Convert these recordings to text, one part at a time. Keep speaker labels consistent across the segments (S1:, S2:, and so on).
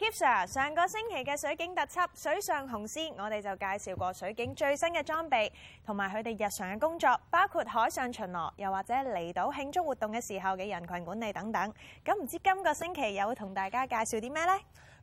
S1: Kip Sir，上個星期嘅水警特輯《水上雄師》，我哋就介紹過水警最新嘅裝備，同埋佢哋日常嘅工作，包括海上巡邏，又或者嚟到慶祝活動嘅時候嘅人群管理等等。咁唔知今個星期又會同大家介紹啲咩呢？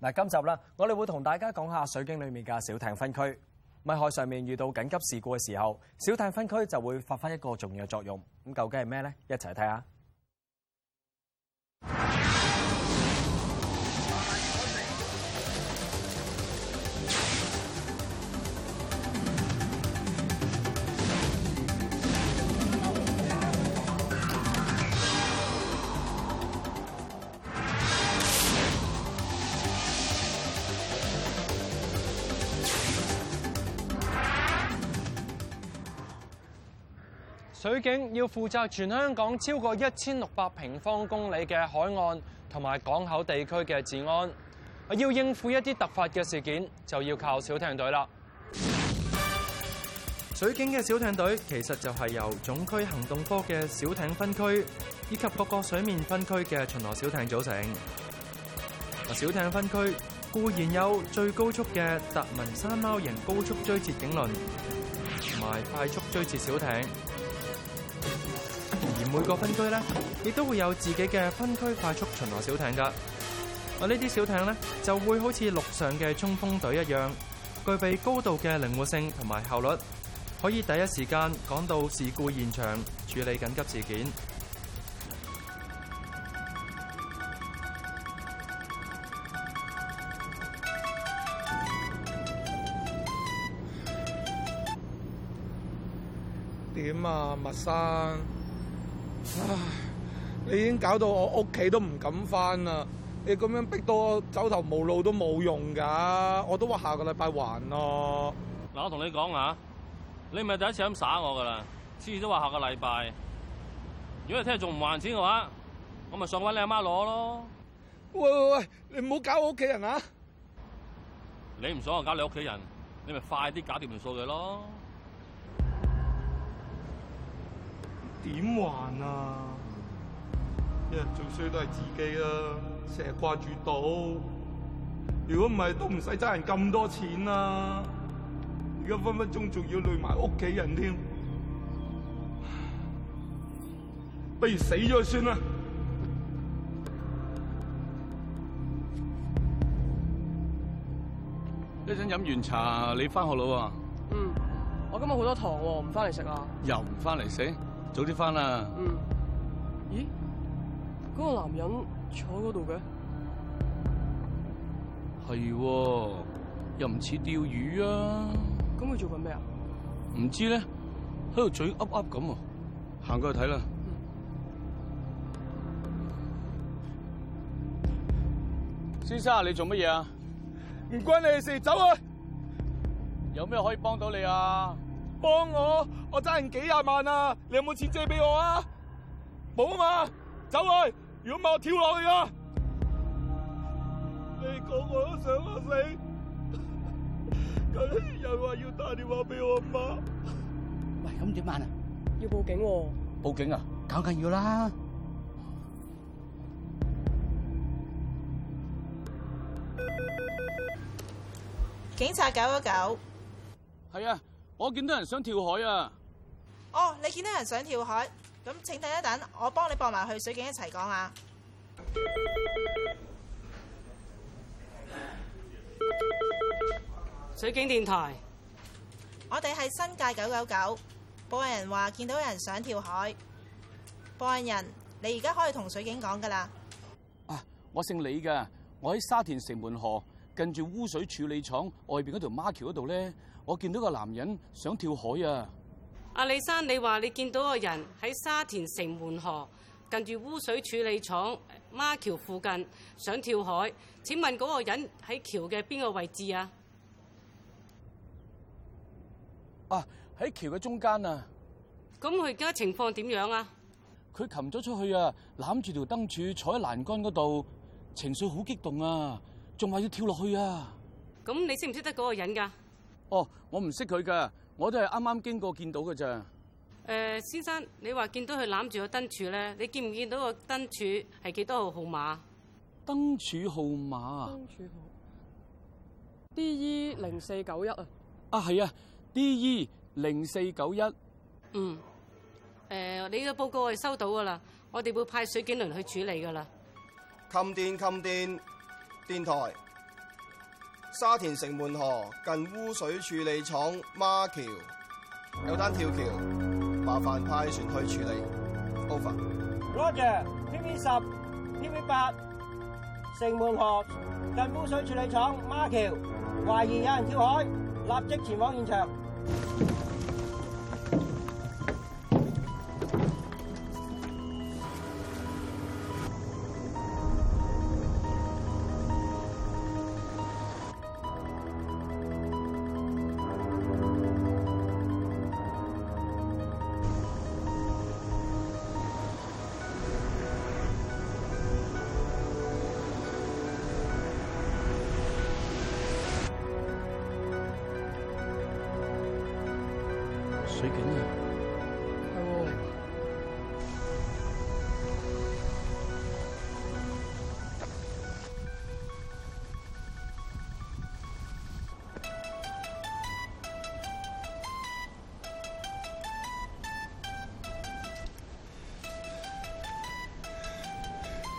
S2: 嗱，今集啦，我哋會同大家講下水警裏面嘅小艇分區。喺海上面遇到緊急事故嘅時候，小艇分區就會發揮一個重要作用。咁究竟係咩呢？一齊睇下。
S3: 水警要負責全香港超過一千六百平方公里嘅海岸同埋港口地區嘅治安，要應付一啲突發嘅事件，就要靠小艇隊啦。水警嘅小艇隊其實就係由總區行動科嘅小艇分區以及各個水面分區嘅巡邏小艇組成。小艇分區固然有最高速嘅達文山貓型高速追截警輪，同埋快速追截小艇。每個分區呢亦都會有自己嘅分區快速巡邏小艇噶。啊，呢啲小艇呢就會好似陸上嘅衝鋒隊一樣，具備高度嘅靈活性同埋效率，可以第一時間趕到事故現場處理緊急事件。
S4: 點啊，麥生？唉，你已經搞到我屋企都唔敢返啦！你咁樣逼到我走投無路都冇用噶，我都話下個禮拜還咯。
S5: 嗱，我同你講啊，你咪第一次咁耍我噶啦，次次都話下個禮拜。如果你聽日仲唔還錢嘅話，我咪上搵你阿媽攞咯。
S4: 喂喂喂，你唔好搞我屋企人啊！
S5: 你唔想我搞你屋企人，你咪快啲搞掂條數佢咯。
S6: 點還啊！一日最衰都係自己啊，成日掛住賭，如果唔係都唔使爭人咁多錢
S4: 啊。而家分分鐘仲要累埋屋企人添，不如死咗算啦！一陣飲完茶，你翻學咯？嗯，
S2: 我今日好多堂喎，唔翻嚟食啊？
S4: 又唔翻嚟食？早啲返啦。
S2: 嗯。咦？嗰個男人坐喺嗰度嘅？
S4: 係，又唔似釣魚啊。
S2: 咁佢做緊咩啊？
S4: 唔知咧，喺度嘴噏噏咁。行過去睇啦。先生，你做乜嘢啊？唔關你事，走啊！有咩可以幫到你啊？幫我，我爭人幾廿萬啊！你有冇錢借俾我啊？冇啊嘛，走去！如果冇，我跳落去啊！你個個都想我死，咁你又話要打電話俾我阿媽。喂，咁點辦啊？要報警喎、啊！報警啊，梗係要啦！
S1: 警察九九九！
S4: 係啊。我見到人想跳海啊！
S1: 哦、oh,，你見到人想跳海，咁請等一等，我幫你駁埋去水警一齊講啊。
S3: 水警電台，
S1: 我哋係新界九九九報案人話見到人想跳海。報案人，你而家可以同水警講㗎喇。啊、
S4: ah,，我姓李㗎，我喺沙田城門河近住污水處理廠外邊嗰條孖橋嗰度咧。我見到個男人想跳海啊！
S3: 阿李生，你話你見到個人喺沙田城門河近住污水處理廠孖橋附近想跳海。請問嗰個人喺橋嘅邊個位置啊？
S4: 啊，喺橋嘅中間啊！
S3: 咁佢而家情況點樣啊？
S4: 佢擒咗出去啊，攬住條燈柱坐喺欄杆嗰度，情緒好激動啊，仲話要跳落去啊！
S3: 咁你識唔識得嗰個人
S4: 㗎？哦，我唔識佢噶，我都係啱啱經過見到噶咋。
S3: 誒，先生，你話見到佢攬住個燈柱咧，你見唔見到個燈柱係幾多號號碼？
S4: 燈柱號碼啊？燈柱號。
S2: D E 零四九
S4: 一啊。啊，係啊，D E 零四九一。
S2: 嗯。
S3: 誒、呃，你個報告我收到噶啦，我哋會派水警輪去處理噶啦。
S6: 冚電冚電，電台。沙田城門河近污水處理廠孖橋有單跳橋，麻煩派船去處理，Over.
S3: Roger，TV10, TV8，Roger, TV10, TV8, 城門河近污水處理廠孖橋，懷疑有人跳海，立即前往現場。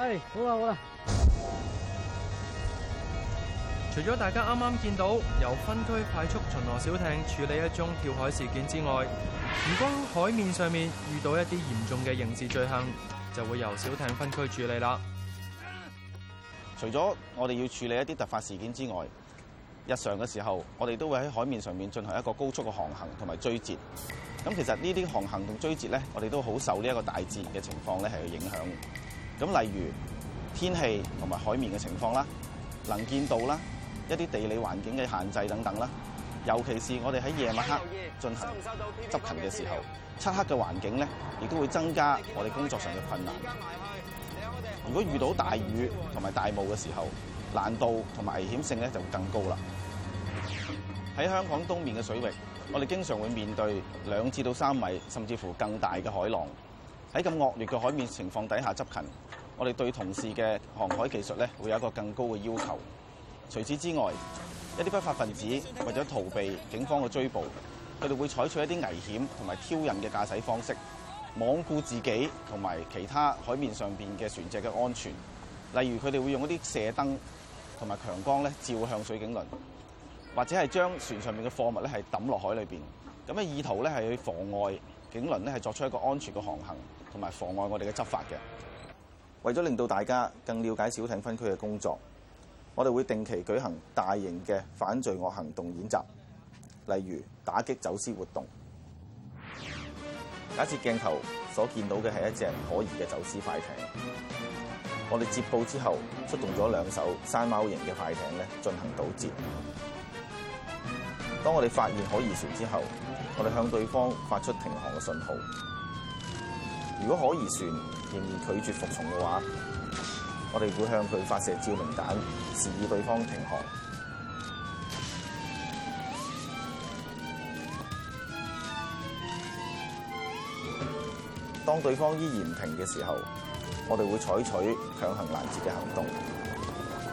S2: 哎、
S4: hey，好啦好啦。
S3: 除咗大家啱啱見到由分區快速巡邏小艇處理一宗跳海事件之外，如果海面上面遇到一
S6: 啲嚴重嘅刑事罪行，就會由小艇分區處理啦。除咗我哋要處理一啲突發事件之外，日常嘅時候，我哋都會喺海面上面進行一個高速嘅航行同埋追截。咁其實呢啲航行同追截咧，我哋都好受呢一個大自然嘅情況咧係有影響。咁例如天氣同埋海面嘅情況啦，能見度啦，一啲地理環境嘅限制等等啦，尤其是我哋喺夜晚黑進行執勤嘅時候，漆黑嘅環境咧，亦都會增加我哋工作上嘅困難。如果遇到大雨同埋大霧嘅時候，難度同埋危險性咧就更高啦。喺香港東面嘅水域，我哋經常會面對兩至到三米甚至乎更大嘅海浪。喺咁惡劣嘅海面情況底下執勤，我哋對同事嘅航海技術咧，會有一個更高嘅要求。除此之外，一啲不法分子為咗逃避警方嘅追捕，佢哋會採取一啲危險同埋挑釁嘅駕駛方式，罔顧自己同埋其他海面上邊嘅船隻嘅安全。例如，佢哋會用一啲射燈同埋強光咧，照向水警輪，或者係將船上面嘅貨物咧係抌落海裏邊，咁嘅意圖咧係去妨礙警輪咧係作出一個安全嘅航行，同埋妨礙我哋嘅執法嘅。為咗令到大家更了解小艇分區嘅工作，我哋會定期舉行大型嘅反罪惡行動演習，例如打擊走私活動。假設鏡頭所見到嘅係一隻可疑嘅走私快艇，我哋接報之後出動咗兩艘山貓型嘅快艇咧進行堵截。當我哋發現可疑船之後，我哋向對方發出停航嘅信號。如果可疑船，仍然拒絕服從嘅話，我哋會向佢發射照明彈，示意對方停航。當對方依然停嘅時候，我哋會採取強行攔截嘅行動。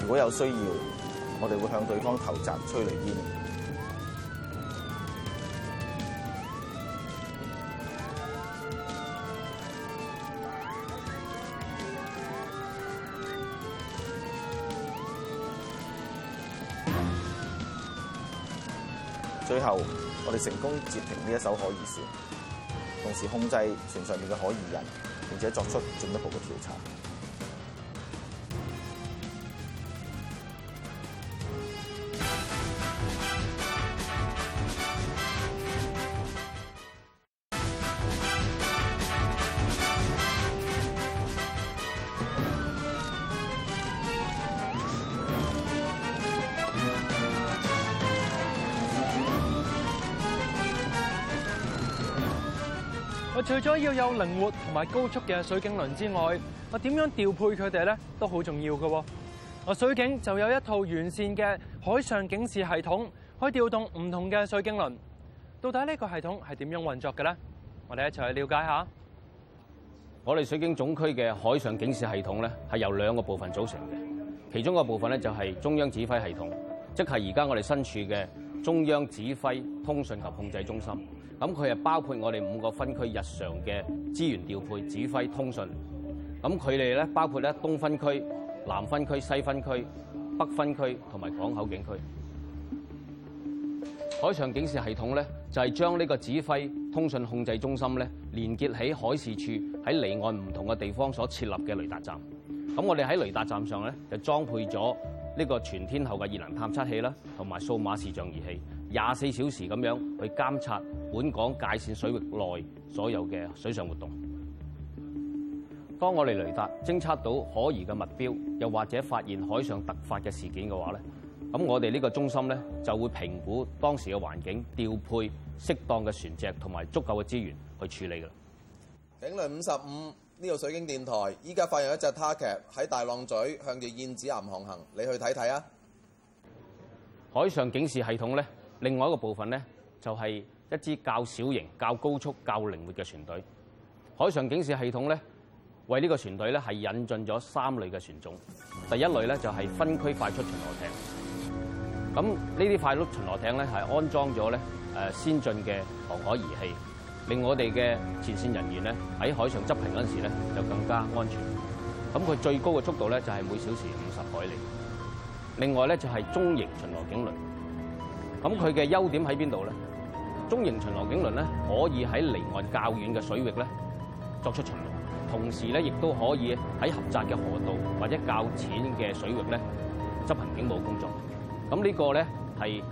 S6: 如果有需要，我哋會向對方投擲催淚煙。成功截停呢一艘可疑船，同時控制船上面嘅可疑人，並且作出進一步嘅調查。
S3: 除咗要有靈活同埋高速嘅水警輪之外，我點樣調配佢哋咧都好重要嘅。我水警就有一套完善嘅海上警示系統，可以調動唔同嘅水警輪。到底呢個系統係點樣運作嘅咧？我哋一齊去了解下。
S5: 我哋水警總區嘅海上警示系統咧，係由兩個部分組成嘅。其中一個部分咧就係中央指揮系統，即係而家我哋身處嘅中央指揮通訊及控制中心。咁佢係包括我哋五個分區日常嘅資源調配、指揮通訊。咁佢哋咧，包括咧東分區、南分區、西分區、北分區同埋港口警區。海上警示系統咧，就係將呢個指揮通訊控制中心咧，連結喺海事處，喺離岸唔同嘅地方所設立嘅雷達站。咁我哋喺雷達站上咧，就裝配咗呢個全天候嘅熱能探測器啦，同埋數碼視像儀器。廿四小時咁樣去監察本港界線水域內所有嘅水上活動。當我哋雷達偵測到可疑嘅目標，又或者發現海上突發嘅事件嘅話咧，咁我哋呢個中心咧就會評估當時嘅環境，調配適當嘅船隻同埋足夠嘅資源去處理嘅。
S6: 警輪五十五，呢度水警電台，依家發現一隻 target 喺大浪咀向住燕子岩航行，你去睇睇啊！
S5: 海上警示系統咧，另外一個部分咧，就係、是、一支較小型、較高速、較靈活嘅船隊。海上警示系統咧，為呢個船隊咧係引進咗三類嘅船種。第一類咧就係、是、分區快速巡邏艇。咁呢啲快速巡邏艇咧係安裝咗咧、呃、先進嘅航海儀器，令我哋嘅前線人員咧喺海上執行嗰陣時咧就更加安全。咁佢最高嘅速度咧就係、是、每小時五十海里。另外咧就係、是、中型巡邏警輪。咁佢嘅優點喺邊度咧？中型巡邏警輪咧可以喺離岸較遠嘅水域咧作出巡邏，同時咧亦都可以喺狹窄嘅河道或者較淺嘅水域咧執行警務工作。咁呢個咧係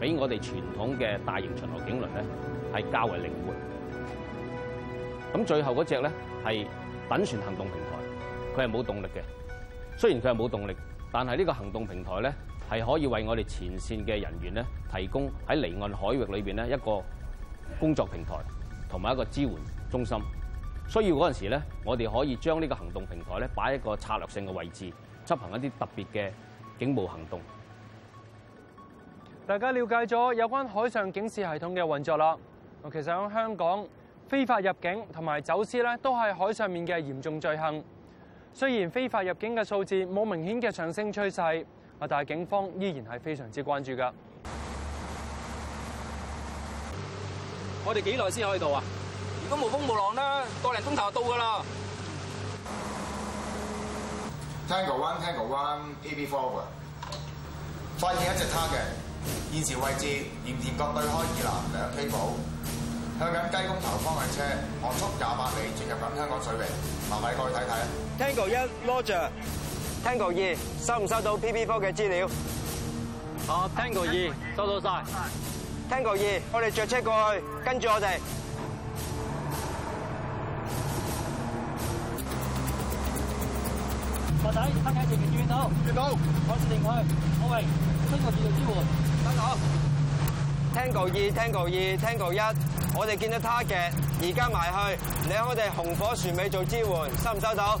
S5: 比我哋傳統嘅大型巡邏警輪咧係較為靈活。咁最後嗰隻咧係躉船行動平台，佢係冇動力嘅。雖然佢係冇動力，但係呢個行動平台咧。係可以為我哋前線嘅人員咧，提供喺離岸海域裏面一個工作平台同埋一個支援中心。需要嗰陣時咧，我哋可以將呢個行動平台咧擺一個策略性嘅位置，執行一啲特別嘅警務行動。
S3: 大家了解咗有關海上警示系統嘅運作啦。其實喺香港非法入境同埋走私咧，都係海上面嘅嚴重罪行。雖然非法入境嘅數字冇明顯嘅上升趨勢。但係警方依然係非常之關注噶。我哋幾耐先可以到啊？如果無風無浪啦，個零鐘頭就到噶咯。Tango
S6: One，Tango One，AB Four，發現一隻 target，現時位置鹽田角對開以南第一梯埔，向緊雞公頭方向車，航速廿八里，進入緊香港水域，麻煩過去睇睇。啊
S2: Tango One，Roger。Tango 二
S3: 收唔收到 PP4 嘅資料？好，Tango 二收到晒。Tango 二，我哋著車過去，跟住我哋。
S2: 快啲，黑眼鏡見唔見到？
S3: 見到，開始定位。阿榮，Tango 見做支援，等等。Tango 二，Tango 二，Tango 一，我哋見到他嘅，而家埋去，你喺我哋紅火船尾做支援，收唔收到？收到。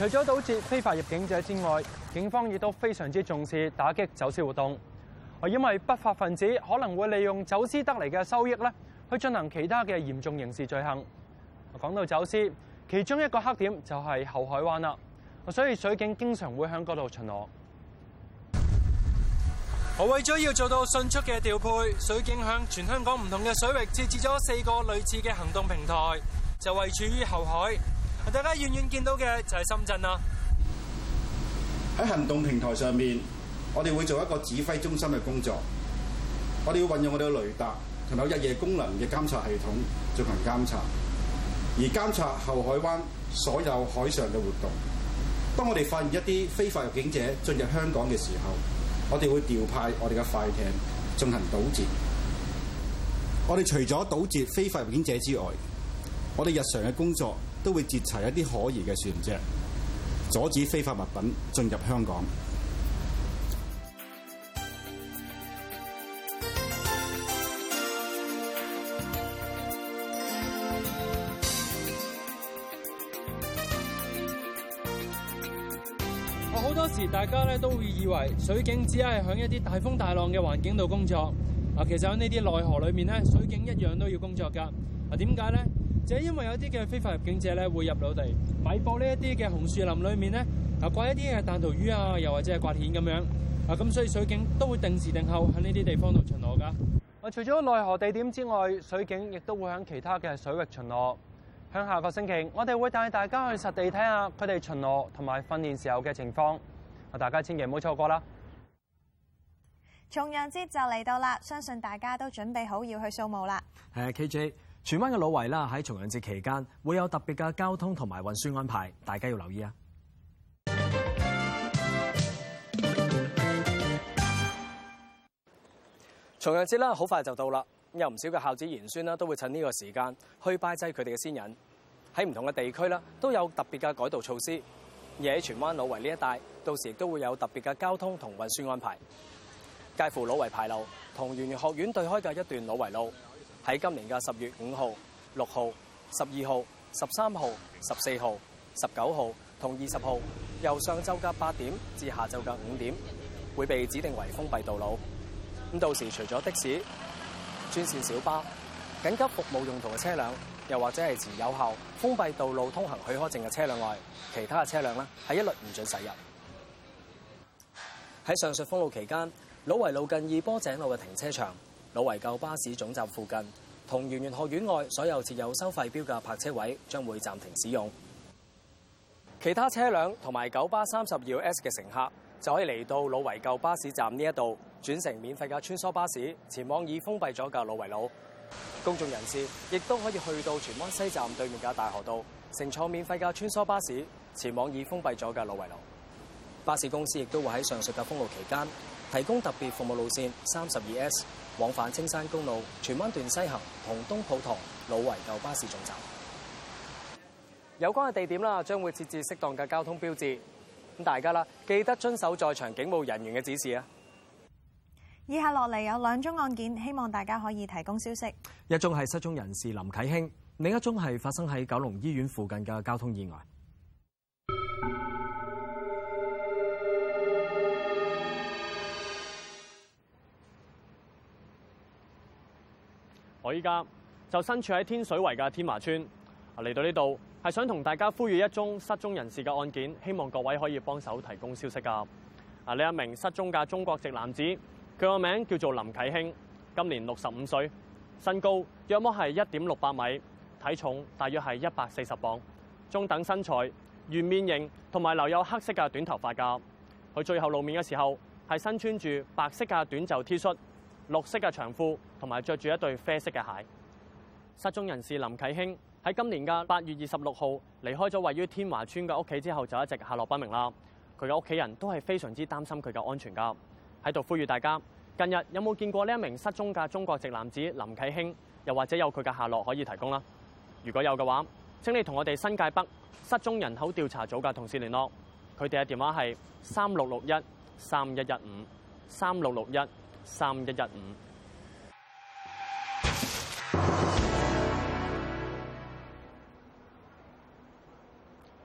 S3: 除咗堵截非法入境者之外，警方亦都非常之重視打擊走私活動，因為不法分子可能會利用走私得嚟嘅收益咧，去進行其他嘅嚴重刑事罪行。講到走私，其中一個黑點就係後海灣啦，所以水警經常會響嗰度巡邏。我為咗要做到迅速嘅調配，水警向全香港唔同嘅水域設置咗四個類似嘅行動平台，就位處於後海。大家遠遠見到嘅就係深圳啦。
S6: 喺行動平台上面，我哋會做一個指揮中心嘅工作。我哋會運用我哋嘅雷達同有日夜功能嘅監察系統進行監察，而監察後海灣所有海上嘅活動。當我哋發現一啲非法入境者進入香港嘅時候，我哋會調派我哋嘅快艇進行堵截。我哋除咗堵截非法入境者之外，我哋日常嘅工作，都會截查一啲可疑嘅船隻，阻止非法物品進入香港。
S3: 我好多時大家咧都會以為水警只係喺一啲大風大浪嘅環境度工作，啊，其實喺呢啲內河裏面咧，水警一樣都要工作㗎。啊，點解咧？就係因為有啲嘅非法入境者咧，會入到地米埔呢一啲嘅紅樹林裏面咧，啊，掛一啲嘅彈塗魚啊，又或者係刮蜆咁樣啊，咁所以水警都會定時定候喺呢啲地方度巡邏噶。啊，除咗內河地點之外，水警亦都會喺其他嘅水域巡邏。喺下個星期，我哋會帶大家去實地睇下佢哋巡邏同埋訓練時候嘅情況。啊，大家千祈唔好錯過啦！
S1: 重陽節就嚟到啦，相信大家都準備好要去掃墓啦。
S2: 係啊，K J。KJ，荃灣嘅老圍啦，喺重陽節期間會有特別嘅交通同埋運輸安排，大家要留意啊！重陽節啦，好快就到啦，有唔少嘅孝子賢孫啦，都會趁呢個時間去拜祭佢哋嘅先人。喺唔同嘅地區啦，都有特別嘅改道措施，而喺荃灣老圍呢一帶，到時都會有特別嘅交通同運輸安排，介乎老圍牌路同圓玄學院對開嘅一段老圍路。喺今年嘅十月五號、六號、十二號、十三號、十四號、十九號同二十號，由上晝嘅八點至下晝嘅五點，會被指定為封閉道路。咁到時除咗的士、專線小巴、緊急服務用途嘅車輛，又或者係持有效封閉道路通行許可證嘅車輛外，其他嘅車輛咧，係一律唔准駛入。喺上述封路期間，老圍路近二波井路嘅停車場。老圍舊巴士總站附近同圓玄學院外所有設有收費標嘅泊車位將會暫停使用。其他車輛同埋九巴三十二 S 嘅乘客就可以嚟到老圍舊巴士站呢一度轉乘免費嘅穿梭巴士，前往已封閉咗嘅老圍路。公眾人士亦都可以去到荃灣西站對面嘅大河道，乘坐免費嘅穿梭巴士前往已封閉咗嘅老圍路。巴士公司亦都會喺上述嘅封路期間提供特別服務路線三十二 S。往返青山公路荃灣段西行同東普陀老圍舊巴士總站有關嘅地點啦，將會設置適當嘅交通標誌。咁大家啦，記得遵守在場警務人員嘅指示啊。
S1: 以下落嚟有兩宗案件，希望大家可以提供消息。
S2: 一宗係失蹤人士林啟興，另一宗係發生喺九龍醫院附近嘅交通意外。
S7: 我依家就身處喺天水圍嘅天華村，嚟到呢度係想同大家呼籲一宗失蹤人士嘅案件，希望各位可以幫手提供消息噶。啊，呢一名失蹤嘅中國籍男子，佢個名叫做林啟興，今年六十五歲，身高約莫係一點六八米，體重大約係一百四十磅，中等身材，圓面型，同埋留有黑色嘅短頭髮噶。佢最後露面嘅時候係身穿住白色嘅短袖 T 恤，綠色嘅長褲，同埋着住一對啡色嘅鞋。失蹤人士林啟興喺今年嘅八月二十六號離開咗位於天華村嘅屋企之後，就一直下落不明啦。佢嘅屋企人都係非常之擔心佢嘅安全㗎，喺度呼籲大家近日有冇見過呢一名失蹤嘅中國籍男子林啟興，又或者有佢嘅下落可以提供啦。如果有嘅話，請你同我哋新界北失蹤人口調查組嘅同事聯絡，佢哋嘅電話係三六六一三一一五三六六一，三一一五，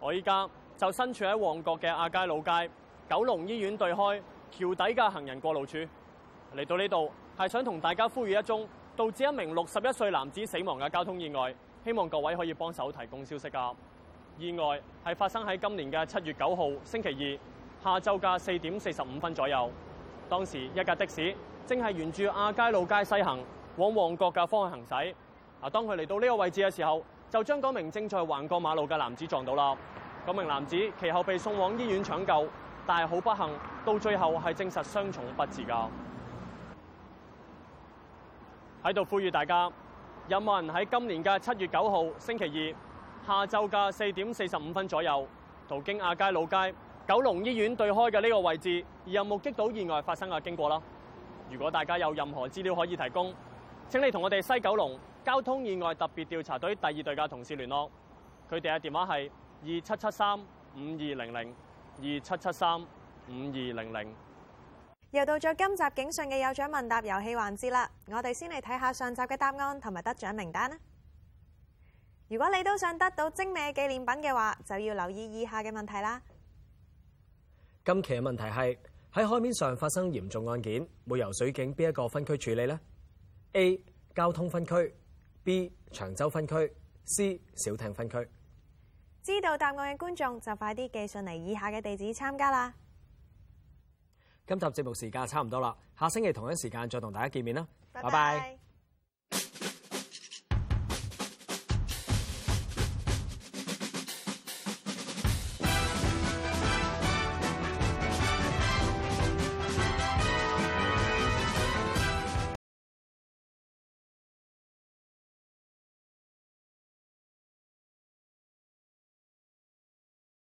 S7: 我依家就身處喺旺角嘅亞皆老街、九龍醫院對開橋底嘅行人過路處。嚟到呢度係想同大家呼籲一宗導致一名六十一歲男子死亡嘅交通意外，希望各位可以幫手提供消息噶。意外係發生喺今年嘅七月九號星期二下晝嘅四點四十五分左右。當時一架的士正係沿住亞皆老街西行往旺角嘅方向行駛。啊，當佢嚟到呢個位置嘅時候，就將嗰名正在橫過馬路嘅男子撞到啦。嗰名男子其後被送往醫院搶救，但係好不幸，到最後係證實傷重不治噶。喺度呼籲大家，有冇人喺今年嘅七月九號星期二下晝嘅四點四十五分左右，途經亞皆老街？九龍醫院對開嘅呢個位置，而又目擊到意外發生嘅經過啦，如果大家有任何資料可以提供，請你同我哋西九龍交通意外特別調查隊第二隊嘅同事聯絡，佢哋嘅電話係二七七三五二零零二七七三五二零零。
S1: 又到咗今集《警訊》嘅有獎問答遊戲環節啦，我哋先嚟睇下上集嘅答案同埋得獎名單啦。如果你都想得到精美紀念品嘅話，就要留意以下嘅問題啦。
S2: 今期嘅問題係喺海面上發生嚴重案件，會由水警邊一個分區處理呢？A. 交通分區，B. 長洲分區，C. 小艇分區。
S1: 知道答案嘅觀眾就快啲寄信嚟以下嘅地址參加啦。
S2: 今集節目時間差唔多啦，下星期同一時間再同大家見面啦。拜拜。Bye bye。